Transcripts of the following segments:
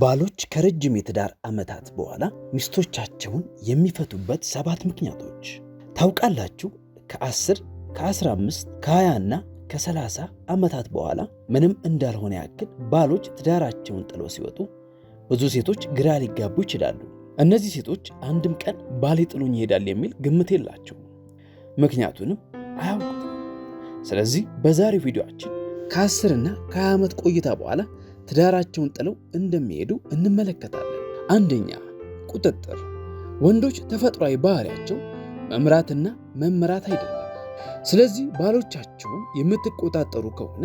ባሎች ከረጅም የትዳር ዓመታት በኋላ ሚስቶቻቸውን የሚፈቱበት ሰባት ምክንያቶች ታውቃላችሁ። ከ10 ከ15 ከ20 እና ከ30 ዓመታት በኋላ ምንም እንዳልሆነ ያክል ባሎች ትዳራቸውን ጥለው ሲወጡ ብዙ ሴቶች ግራ ሊጋቡ ይችላሉ። እነዚህ ሴቶች አንድም ቀን ባሌ ጥሎኝ ይሄዳል የሚል ግምት የላቸው፣ ምክንያቱንም አያውቁትም። ስለዚህ በዛሬው ቪዲዮአችን ከ10 እና ከ20 ዓመት ቆይታ በኋላ ትዳራቸውን ጥለው እንደሚሄዱ እንመለከታለን። አንደኛ ቁጥጥር። ወንዶች ተፈጥሯዊ ባህሪያቸው መምራትና መመራት አይደለም። ስለዚህ ባሎቻችሁን የምትቆጣጠሩ ከሆነ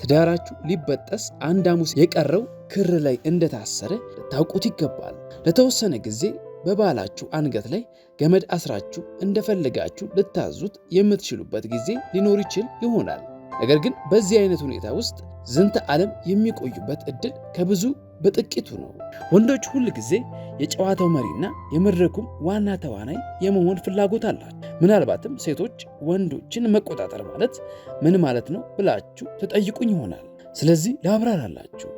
ትዳራችሁ ሊበጠስ አንድ አሙስ የቀረው ክር ላይ እንደታሰረ ልታውቁት ይገባል። ለተወሰነ ጊዜ በባላችሁ አንገት ላይ ገመድ አስራችሁ እንደፈለጋችሁ ልታዙት የምትችሉበት ጊዜ ሊኖር ይችል ይሆናል። ነገር ግን በዚህ አይነት ሁኔታ ውስጥ ዝንተ ዓለም የሚቆዩበት እድል ከብዙ በጥቂቱ ነው። ወንዶች ሁል ጊዜ የጨዋታው መሪና የመድረኩም ዋና ተዋናይ የመሆን ፍላጎት አላቸው። ምናልባትም ሴቶች ወንዶችን መቆጣጠር ማለት ምን ማለት ነው ብላችሁ ተጠይቁኝ ይሆናል። ስለዚህ ላብራራላችሁ።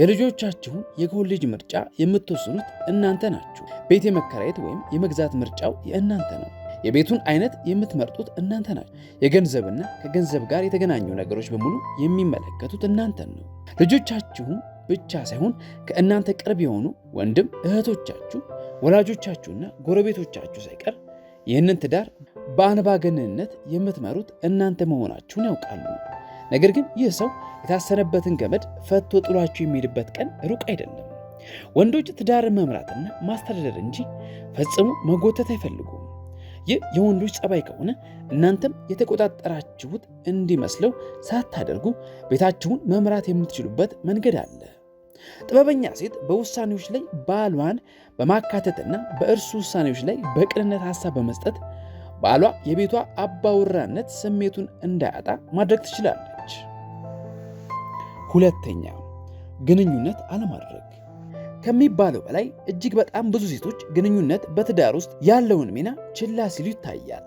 የልጆቻችሁን የኮሌጅ ምርጫ የምትወስኑት እናንተ ናችሁ። ቤት የመከራየት ወይም የመግዛት ምርጫው የእናንተ ነው። የቤቱን አይነት የምትመርጡት እናንተ ናችሁ። የገንዘብና ከገንዘብ ጋር የተገናኙ ነገሮች በሙሉ የሚመለከቱት እናንተን ነው። ልጆቻችሁም ብቻ ሳይሆን ከእናንተ ቅርብ የሆኑ ወንድም እህቶቻችሁ፣ ወላጆቻችሁና ጎረቤቶቻችሁ ሳይቀር ይህንን ትዳር በአንባገንነት የምትመሩት እናንተ መሆናችሁን ያውቃሉ። ነገር ግን ይህ ሰው የታሰነበትን ገመድ ፈቶ ጥሏችሁ የሚሄድበት ቀን ሩቅ አይደለም። ወንዶች ትዳርን መምራትና ማስተዳደር እንጂ ፈጽሞ መጎተት አይፈልጉ። ይህ የወንዶች ጸባይ ከሆነ እናንተም የተቆጣጠራችሁት እንዲመስለው ሳታደርጉ ቤታችሁን መምራት የምትችሉበት መንገድ አለ። ጥበበኛ ሴት በውሳኔዎች ላይ ባሏን በማካተትና በእርሱ ውሳኔዎች ላይ በቅንነት ሀሳብ በመስጠት ባሏ የቤቷ አባወራነት ስሜቱን እንዳያጣ ማድረግ ትችላለች። ሁለተኛ ግንኙነት አለማድረግ ከሚባለው በላይ እጅግ በጣም ብዙ ሴቶች ግንኙነት በትዳር ውስጥ ያለውን ሚና ችላ ሲሉ ይታያል።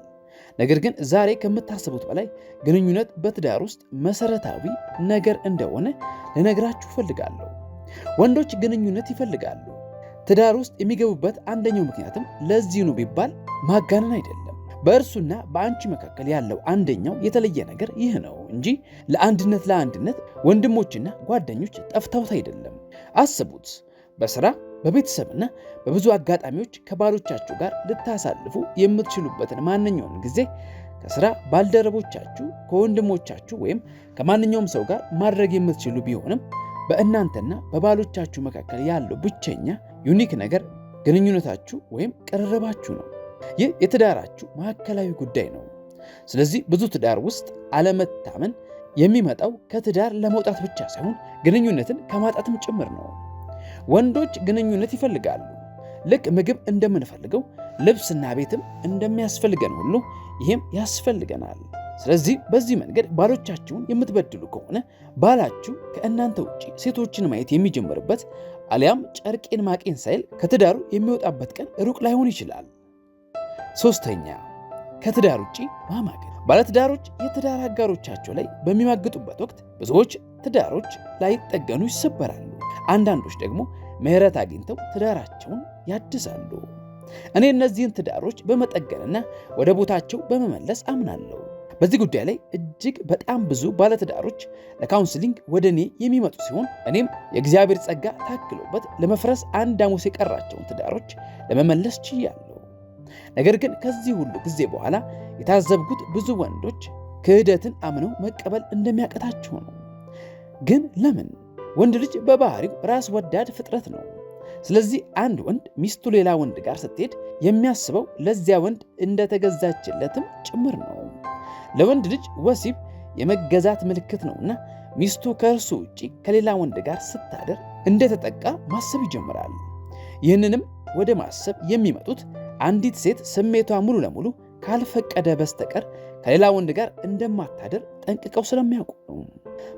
ነገር ግን ዛሬ ከምታስቡት በላይ ግንኙነት በትዳር ውስጥ መሰረታዊ ነገር እንደሆነ ልነግራችሁ ፈልጋለሁ። ወንዶች ግንኙነት ይፈልጋሉ። ትዳር ውስጥ የሚገቡበት አንደኛው ምክንያትም ለዚህ ነው ቢባል ማጋነን አይደለም። በእርሱና በአንቺ መካከል ያለው አንደኛው የተለየ ነገር ይህ ነው እንጂ ለአንድነት ለአንድነት ወንድሞችና ጓደኞች ጠፍተውት አይደለም። አስቡት። በስራ በቤተሰብና በብዙ አጋጣሚዎች ከባሎቻችሁ ጋር ልታሳልፉ የምትችሉበትን ማንኛውም ጊዜ ከስራ ባልደረቦቻችሁ፣ ከወንድሞቻችሁ ወይም ከማንኛውም ሰው ጋር ማድረግ የምትችሉ ቢሆንም በእናንተና በባሎቻችሁ መካከል ያለው ብቸኛ ዩኒክ ነገር ግንኙነታችሁ ወይም ቅርርባችሁ ነው። ይህ የትዳራችሁ ማዕከላዊ ጉዳይ ነው። ስለዚህ ብዙ ትዳር ውስጥ አለመታመን የሚመጣው ከትዳር ለመውጣት ብቻ ሳይሆን ግንኙነትን ከማጣትም ጭምር ነው። ወንዶች ግንኙነት ይፈልጋሉ። ልክ ምግብ እንደምንፈልገው ልብስና ቤትም እንደሚያስፈልገን ሁሉ ይህም ያስፈልገናል። ስለዚህ በዚህ መንገድ ባሎቻችሁን የምትበድሉ ከሆነ ባላችሁ ከእናንተ ውጭ ሴቶችን ማየት የሚጀምርበት አሊያም ጨርቄን ማቄን ሳይል ከትዳሩ የሚወጣበት ቀን ሩቅ ላይሆን ይችላል። ሶስተኛ ከትዳር ውጭ ማማገጥ። ባለትዳሮች የትዳር አጋሮቻቸው ላይ በሚማግጡበት ወቅት ብዙዎች ትዳሮች ላይጠገኑ ይሰበራሉ። አንዳንዶች ደግሞ ምሕረት አግኝተው ትዳራቸውን ያድሳሉ። እኔ እነዚህን ትዳሮች በመጠገንና ወደ ቦታቸው በመመለስ አምናለሁ። በዚህ ጉዳይ ላይ እጅግ በጣም ብዙ ባለትዳሮች ለካውንስሊንግ ወደ እኔ የሚመጡ ሲሆን እኔም የእግዚአብሔር ጸጋ ታክሎበት ለመፍረስ አንድ አሙስ የቀራቸውን ትዳሮች ለመመለስ ችያለሁ። ነገር ግን ከዚህ ሁሉ ጊዜ በኋላ የታዘብኩት ብዙ ወንዶች ክህደትን አምነው መቀበል እንደሚያቀታቸው ነው። ግን ለምን? ወንድ ልጅ በባህሪው ራስ ወዳድ ፍጥረት ነው። ስለዚህ አንድ ወንድ ሚስቱ ሌላ ወንድ ጋር ስትሄድ የሚያስበው ለዚያ ወንድ እንደተገዛችለትም ጭምር ነው። ለወንድ ልጅ ወሲብ የመገዛት ምልክት ነውና ሚስቱ ከእርሱ ውጪ ከሌላ ወንድ ጋር ስታደር እንደተጠቃ ማሰብ ይጀምራል። ይህንንም ወደ ማሰብ የሚመጡት አንዲት ሴት ስሜቷ ሙሉ ለሙሉ ካልፈቀደ በስተቀር ከሌላ ወንድ ጋር እንደማታደር ጠንቅቀው ስለሚያውቁ ነው።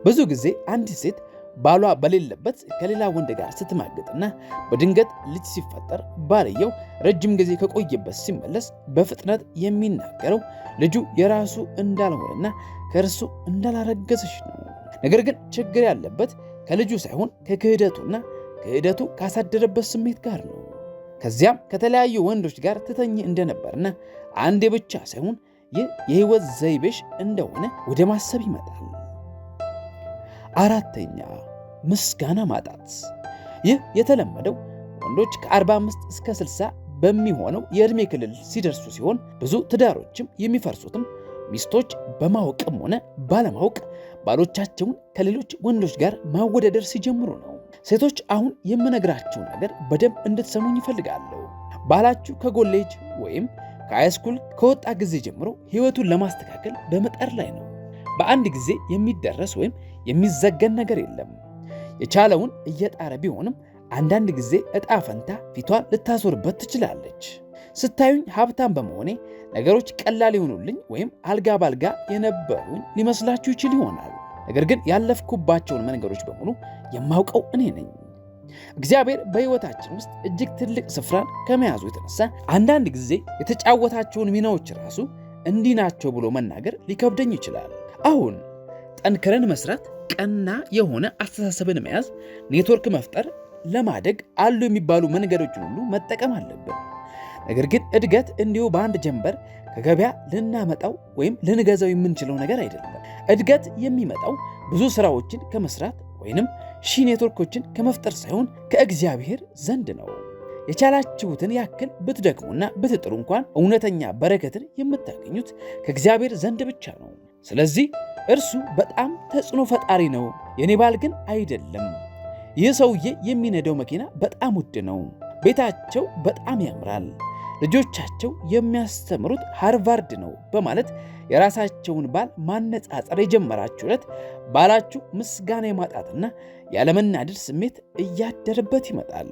ብዙ ጊዜ አንዲት ሴት ባሏ በሌለበት ከሌላ ወንድ ጋር ስትማግጥና በድንገት ልጅ ሲፈጠር ባልየው ረጅም ጊዜ ከቆየበት ሲመለስ በፍጥነት የሚናገረው ልጁ የራሱ እንዳልሆነና ከእርሱ እንዳላረገዘች ነው። ነገር ግን ችግር ያለበት ከልጁ ሳይሆን ከክህደቱና ክህደቱ ካሳደረበት ስሜት ጋር ነው። ከዚያም ከተለያዩ ወንዶች ጋር ትተኝ እንደነበርና አንዴ ብቻ ሳይሆን ይህ የህይወት ዘይቤሽ እንደሆነ ወደ ማሰብ ይመጣል። አራተኛ ምስጋና ማጣት። ይህ የተለመደው ወንዶች ከ45 እስከ 60 በሚሆነው የዕድሜ ክልል ሲደርሱ ሲሆን ብዙ ትዳሮችም የሚፈርሱትም ሚስቶች በማወቅም ሆነ ባለማወቅ ባሎቻቸውን ከሌሎች ወንዶች ጋር ማወዳደር ሲጀምሩ ነው። ሴቶች አሁን የምነግራችሁ ነገር በደንብ እንድትሰሙኝ ይፈልጋለሁ። ባላችሁ ከኮሌጅ ወይም ከሃይስኩል ከወጣ ጊዜ ጀምሮ ሕይወቱን ለማስተካከል በመጠር ላይ ነው። በአንድ ጊዜ የሚደረስ ወይም የሚዘገን ነገር የለም። የቻለውን እየጣረ ቢሆንም አንዳንድ ጊዜ እጣ ፈንታ ፊቷን ልታዞርበት ትችላለች። ስታዩኝ ሀብታም በመሆኔ ነገሮች ቀላል የሆኑልኝ ወይም አልጋ ባልጋ የነበሩኝ ሊመስላችሁ ይችል ይሆናል። ነገር ግን ያለፍኩባቸውን መንገዶች በሙሉ የማውቀው እኔ ነኝ። እግዚአብሔር በሕይወታችን ውስጥ እጅግ ትልቅ ስፍራን ከመያዙ የተነሳ አንዳንድ ጊዜ የተጫወታቸውን ሚናዎች ራሱ እንዲህ ናቸው ብሎ መናገር ሊከብደኝ ይችላል። አሁን ጠንክረን መስራት፣ ቀና የሆነ አስተሳሰብን መያዝ፣ ኔትወርክ መፍጠር፣ ለማደግ አሉ የሚባሉ መንገዶችን ሁሉ መጠቀም አለብን። ነገር ግን እድገት እንዲሁ በአንድ ጀንበር ከገበያ ልናመጣው ወይም ልንገዛው የምንችለው ነገር አይደለም። እድገት የሚመጣው ብዙ ስራዎችን ከመስራት ወይንም ሺህ ኔትወርኮችን ከመፍጠር ሳይሆን ከእግዚአብሔር ዘንድ ነው። የቻላችሁትን ያክል ብትደክሙና ብትጥሩ እንኳን እውነተኛ በረከትን የምታገኙት ከእግዚአብሔር ዘንድ ብቻ ነው። ስለዚህ እርሱ በጣም ተጽዕኖ ፈጣሪ ነው። የኔ ባል ግን አይደለም። ይህ ሰውዬ የሚነዳው መኪና በጣም ውድ ነው። ቤታቸው በጣም ያምራል። ልጆቻቸው የሚያስተምሩት ሃርቫርድ ነው በማለት የራሳቸውን ባል ማነጻጸር የጀመራችሁ ዕለት ባላችሁ ምስጋና የማጣትና ያለመናደድ ስሜት እያደረበት ይመጣል።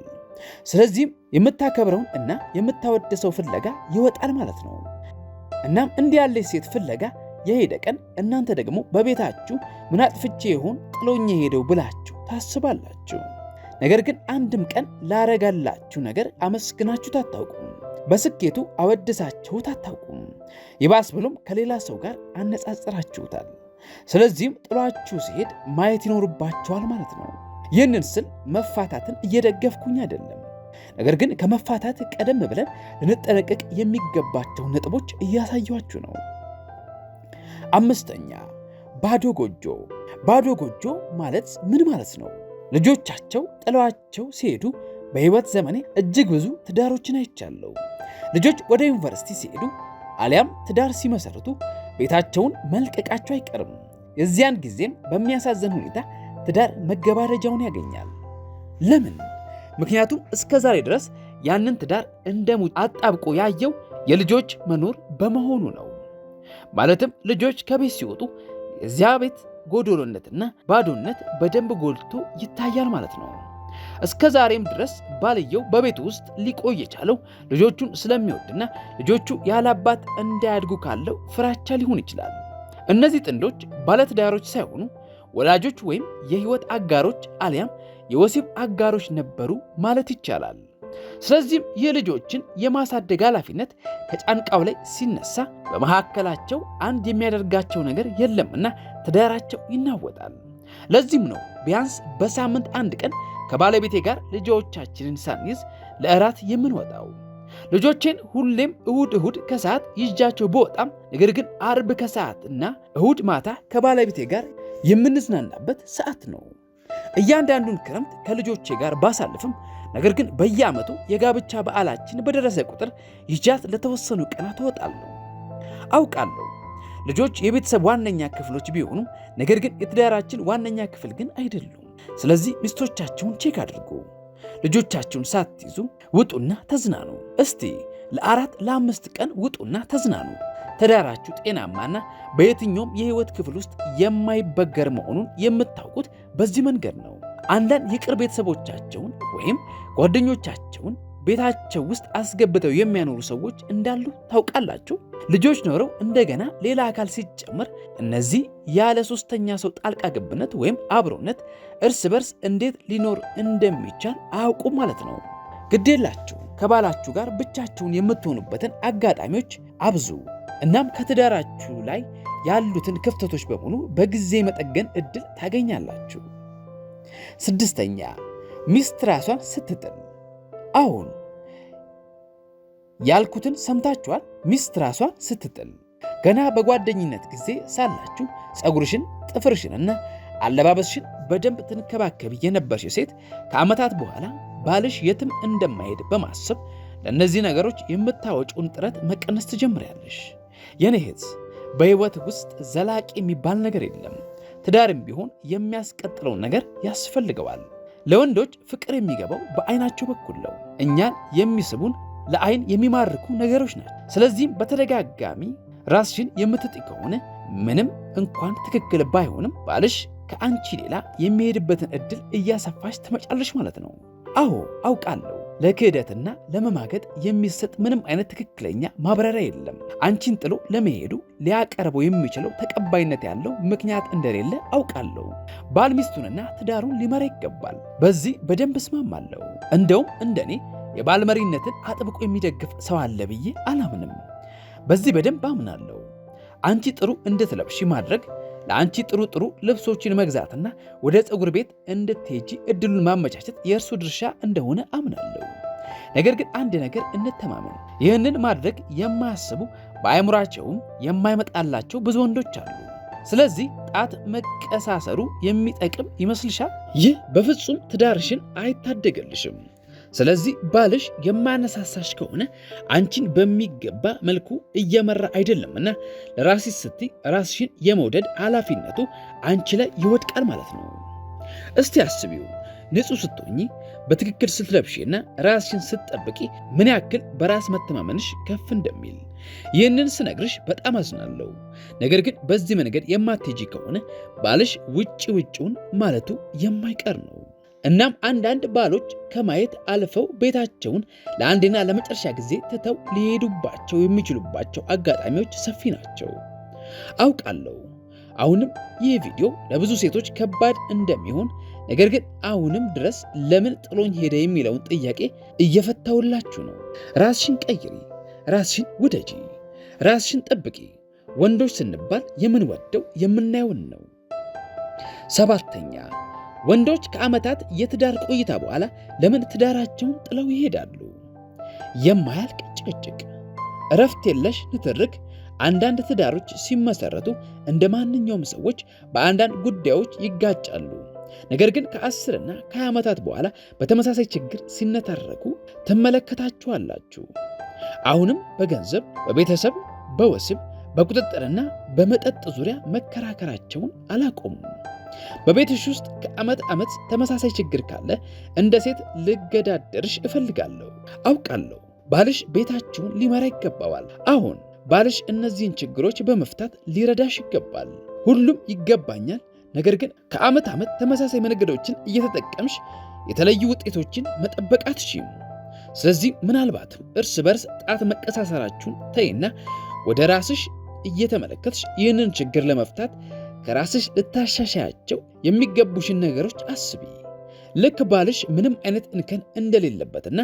ስለዚህም የምታከብረውን እና የምታወደሰው ፍለጋ ይወጣል ማለት ነው። እናም እንዲህ ያለች ሴት ፍለጋ የሄደ ቀን እናንተ ደግሞ በቤታችሁ ምን አጥፍቼ ይሆን ጥሎኝ ሄደው ብላችሁ ታስባላችሁ። ነገር ግን አንድም ቀን ላረጋላችሁ ነገር አመስግናችሁት አታውቁም። በስኬቱ አወድሳችሁት አታውቁም። ይባስ ብሎም ከሌላ ሰው ጋር አነጻጽራችሁታል። ስለዚህም ጥሏችሁ ሲሄድ ማየት ይኖርባችኋል ማለት ነው። ይህንን ስል መፋታትን እየደገፍኩኝ አይደለም። ነገር ግን ከመፋታት ቀደም ብለን ልንጠነቀቅ የሚገባቸውን ነጥቦች እያሳያችሁ ነው። አምስተኛ ባዶ ጎጆ። ባዶ ጎጆ ማለት ምን ማለት ነው? ልጆቻቸው ጥለዋቸው ሲሄዱ በሕይወት ዘመኔ እጅግ ብዙ ትዳሮችን አይቻለሁ። ልጆች ወደ ዩኒቨርሲቲ ሲሄዱ አሊያም ትዳር ሲመሰርቱ ቤታቸውን መልቀቃቸው አይቀርም። የዚያን ጊዜም በሚያሳዝን ሁኔታ ትዳር መገባደጃውን ያገኛል። ለምን? ምክንያቱም እስከ ዛሬ ድረስ ያንን ትዳር እንደ ሙጭ አጣብቆ ያየው የልጆች መኖር በመሆኑ ነው። ማለትም ልጆች ከቤት ሲወጡ የዚያ ቤት ጎዶሎነትና ባዶነት በደንብ ጎልቶ ይታያል ማለት ነው። እስከ ዛሬም ድረስ ባልየው በቤቱ ውስጥ ሊቆይ የቻለው ልጆቹን ስለሚወድና ልጆቹ ያላባት እንዳያድጉ ካለው ፍራቻ ሊሆን ይችላል። እነዚህ ጥንዶች ባለትዳሮች ሳይሆኑ ወላጆች ወይም የህይወት አጋሮች አሊያም የወሲብ አጋሮች ነበሩ ማለት ይቻላል። ስለዚህም የልጆችን የማሳደግ ኃላፊነት ከጫንቃው ላይ ሲነሳ በመካከላቸው አንድ የሚያደርጋቸው ነገር የለምና ትዳራቸው ይናወጣል። ለዚህም ነው ቢያንስ በሳምንት አንድ ቀን ከባለቤቴ ጋር ልጆቻችንን ሳንይዝ ለእራት የምንወጣው። ልጆቼን ሁሌም እሁድ እሁድ ከሰዓት ይዣቸው በወጣም፣ ነገር ግን አርብ ከሰዓት እና እሁድ ማታ ከባለቤቴ ጋር የምንዝናናበት ሰዓት ነው። እያንዳንዱን ክረምት ከልጆቼ ጋር ባሳልፍም ነገር ግን በየዓመቱ የጋብቻ በዓላችን በደረሰ ቁጥር ይዣት ለተወሰኑ ቀናት እወጣለሁ። አውቃለሁ ልጆች የቤተሰብ ዋነኛ ክፍሎች ቢሆኑ፣ ነገር ግን የትዳራችን ዋነኛ ክፍል ግን አይደሉም። ስለዚህ ሚስቶቻችሁን ቼክ አድርጉ። ልጆቻችሁን ሳትይዙ ውጡና ተዝናኑ። እስቲ ለአራት ለአምስት ቀን ውጡና ተዝናኑ። ትዳራችሁ ጤናማና በየትኛውም የሕይወት ክፍል ውስጥ የማይበገር መሆኑን የምታውቁት በዚህ መንገድ ነው። አንዳንድ የቅርብ ቤተሰቦቻቸውን ወይም ጓደኞቻቸውን ቤታቸው ውስጥ አስገብተው የሚያኖሩ ሰዎች እንዳሉ ታውቃላችሁ። ልጆች ኖረው እንደገና ሌላ አካል ሲጨመር እነዚህ ያለ ሶስተኛ ሰው ጣልቃ ገብነት ወይም አብሮነት እርስ በርስ እንዴት ሊኖር እንደሚቻል አያውቁም ማለት ነው። ግዴላችሁ ከባላችሁ ጋር ብቻችሁን የምትሆኑበትን አጋጣሚዎች አብዙ። እናም ከትዳራችሁ ላይ ያሉትን ክፍተቶች በሙሉ በጊዜ መጠገን እድል ታገኛላችሁ። ስድስተኛ ሚስት ራሷን ስትጥል። አሁን ያልኩትን ሰምታችኋል። ሚስት ራሷን ስትጥል። ገና በጓደኝነት ጊዜ ሳላችሁ ፀጉርሽን፣ ጥፍርሽንና አለባበስሽን በደንብ ትንከባከብ የነበርሽ ሴት ከዓመታት በኋላ ባልሽ የትም እንደማይሄድ በማሰብ ለእነዚህ ነገሮች የምታወጪውን ጥረት መቀነስ ትጀምሪያለሽ። የኔ እህት በሕይወት ውስጥ ዘላቂ የሚባል ነገር የለም። ትዳርም ቢሆን የሚያስቀጥለውን ነገር ያስፈልገዋል። ለወንዶች ፍቅር የሚገባው በአይናቸው በኩል ነው። እኛን የሚስቡን ለአይን የሚማርኩ ነገሮች ናቸው። ስለዚህም በተደጋጋሚ ራስሽን የምትጥይ ከሆነ ምንም እንኳን ትክክል ባይሆንም ባልሽ ከአንቺ ሌላ የሚሄድበትን እድል እያሰፋሽ ትመጫለሽ ማለት ነው። አዎ አውቃለሁ። ለክህደትና ለመማገጥ የሚሰጥ ምንም አይነት ትክክለኛ ማብራሪያ የለም። አንቺን ጥሎ ለመሄዱ ሊያቀርበው የሚችለው ተቀባይነት ያለው ምክንያት እንደሌለ አውቃለሁ። ባል ሚስቱንና ትዳሩን ሊመራ ይገባል። በዚህ በደንብ እስማማለሁ። እንደውም እንደኔ የባል መሪነትን አጥብቆ የሚደግፍ ሰው አለ ብዬ አላምንም። በዚህ በደንብ አምናለሁ። አንቺ ጥሩ እንድትለብሽ ማድረግ ለአንቺ ጥሩ ጥሩ ልብሶችን መግዛትና ወደ ፀጉር ቤት እንድትሄጂ እድሉን ማመቻቸት የእርሱ ድርሻ እንደሆነ አምናለሁ። ነገር ግን አንድ ነገር እንተማመን፣ ይህንን ማድረግ የማያስቡ በአእምሯቸውም የማይመጣላቸው ብዙ ወንዶች አሉ። ስለዚህ ጣት መቀሳሰሩ የሚጠቅም ይመስልሻል? ይህ በፍጹም ትዳርሽን አይታደገልሽም። ስለዚህ ባልሽ የማነሳሳሽ ከሆነ አንቺን በሚገባ መልኩ እየመራ አይደለም እና ለራስሽ ስቲ ራስሽን የመውደድ ኃላፊነቱ አንቺ ላይ ይወድቃል ማለት ነው። እስቲ አስቢው ንጹሕ ስትሆኚ በትክክል ስትለብሽና ራስሽን ስትጠብቂ ምን ያክል በራስ መተማመንሽ ከፍ እንደሚል ይህንን ስነግርሽ በጣም አዝናለሁ። ነገር ግን በዚህ መንገድ የማትሄጂ ከሆነ ባልሽ ውጭ ውጭውን ማለቱ የማይቀር ነው። እናም አንዳንድ ባሎች ከማየት አልፈው ቤታቸውን ለአንድና ለመጨረሻ ጊዜ ትተው ሊሄዱባቸው የሚችሉባቸው አጋጣሚዎች ሰፊ ናቸው። አውቃለሁ አሁንም ይህ ቪዲዮ ለብዙ ሴቶች ከባድ እንደሚሆን፣ ነገር ግን አሁንም ድረስ ለምን ጥሎኝ ሄደ የሚለውን ጥያቄ እየፈታውላችሁ ነው። ራስሽን ቀይሪ፣ ራስሽን ውደጂ፣ ራስሽን ጠብቂ። ወንዶች ስንባል የምንወደው የምናየውን ነው። ሰባተኛ ወንዶች ከዓመታት የትዳር ቆይታ በኋላ ለምን ትዳራቸውን ጥለው ይሄዳሉ? የማያልቅ ጭቅጭቅ፣ እረፍት የለሽ ንትርክ። አንዳንድ ትዳሮች ሲመሰረቱ እንደ ማንኛውም ሰዎች በአንዳንድ ጉዳዮች ይጋጫሉ። ነገር ግን ከአስርና እና ዓመታት በኋላ በተመሳሳይ ችግር ሲነታረኩ ትመለከታችኋላችሁ። አሁንም በገንዘብ፣ በቤተሰብ፣ በወሲብ፣ በቁጥጥርና በመጠጥ ዙሪያ መከራከራቸውን አላቆሙም። በቤትሽ ውስጥ ከዓመት ዓመት ተመሳሳይ ችግር ካለ እንደ ሴት ልገዳደርሽ እፈልጋለሁ። አውቃለሁ ባልሽ ቤታችሁን ሊመራ ይገባዋል። አሁን ባልሽ እነዚህን ችግሮች በመፍታት ሊረዳሽ ይገባል። ሁሉም ይገባኛል። ነገር ግን ከዓመት ዓመት ተመሳሳይ መንገዶችን እየተጠቀምሽ የተለዩ ውጤቶችን መጠበቅ አትችይም። ስለዚህ ምናልባትም እርስ በርስ ጣት መቀሳሰራችሁን ተይና ወደ ራስሽ እየተመለከትሽ ይህንን ችግር ለመፍታት ከራስሽ ልታሻሻያቸው የሚገቡሽን ነገሮች አስቢ። ልክ ባልሽ ምንም አይነት እንከን እንደሌለበትና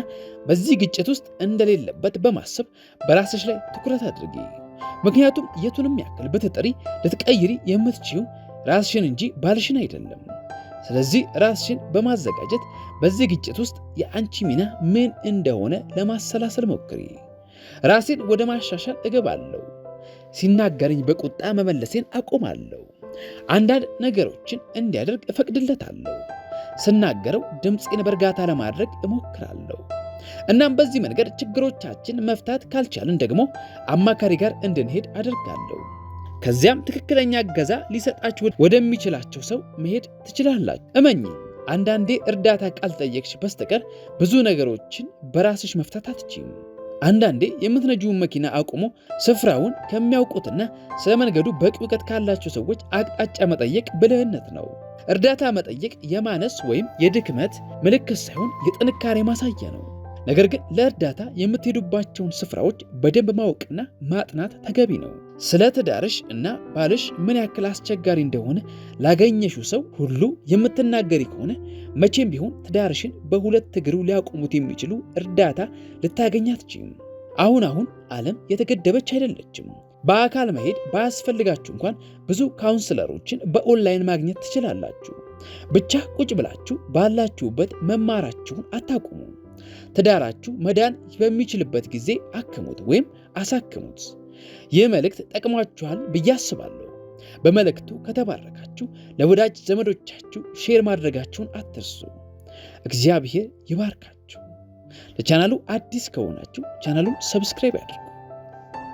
በዚህ ግጭት ውስጥ እንደሌለበት በማሰብ በራስሽ ላይ ትኩረት አድርጊ። ምክንያቱም የቱንም ያክል ብትጥሪ ልትቀይሪ የምትችው ራስሽን እንጂ ባልሽን አይደለም። ስለዚህ ራስሽን በማዘጋጀት በዚህ ግጭት ውስጥ የአንቺ ሚና ምን እንደሆነ ለማሰላሰል ሞክሪ። ራሴን ወደ ማሻሻል እገባለሁ፣ ሲናገረኝ በቁጣ መመለሴን አቁማለሁ። አንዳንድ ነገሮችን እንዲያደርግ እፈቅድለታለሁ። ስናገረው ድምፄን በእርጋታ ለማድረግ እሞክራለሁ። እናም በዚህ መንገድ ችግሮቻችን መፍታት ካልቻልን ደግሞ አማካሪ ጋር እንድንሄድ አደርጋለሁ። ከዚያም ትክክለኛ እገዛ ሊሰጣችሁ ወደሚችላቸው ሰው መሄድ ትችላላችሁ። እመኝ፣ አንዳንዴ እርዳታ ካልጠየቅሽ በስተቀር ብዙ ነገሮችን በራስሽ መፍታት አትችይም። አንዳንዴ የምትነጂውን መኪና አቁሞ ስፍራውን ከሚያውቁትና ስለ መንገዱ በቂ እውቀት ካላቸው ሰዎች አቅጣጫ መጠየቅ ብልህነት ነው። እርዳታ መጠየቅ የማነስ ወይም የድክመት ምልክት ሳይሆን የጥንካሬ ማሳያ ነው። ነገር ግን ለእርዳታ የምትሄዱባቸውን ስፍራዎች በደንብ ማወቅና ማጥናት ተገቢ ነው። ስለ ትዳርሽ እና ባልሽ ምን ያክል አስቸጋሪ እንደሆነ ላገኘሽው ሰው ሁሉ የምትናገሪ ከሆነ መቼም ቢሆን ትዳርሽን በሁለት እግሩ ሊያቆሙት የሚችሉ እርዳታ ልታገኝ አሁን አሁን ዓለም የተገደበች አይደለችም። በአካል መሄድ ባያስፈልጋችሁ እንኳን ብዙ ካውንስለሮችን በኦንላይን ማግኘት ትችላላችሁ። ብቻ ቁጭ ብላችሁ ባላችሁበት መማራችሁን አታቁሙ። ትዳራችሁ መዳን በሚችልበት ጊዜ አክሙት ወይም አሳክሙት። ይህ መልእክት ጠቅሟችኋል ብዬ አስባለሁ። በመልእክቱ ከተባረካችሁ ለወዳጅ ዘመዶቻችሁ ሼር ማድረጋችሁን አትርሱ። እግዚአብሔር ይባርካችሁ። ለቻናሉ አዲስ ከሆናችሁ ቻናሉን ሰብስክራይብ ያድርጉ።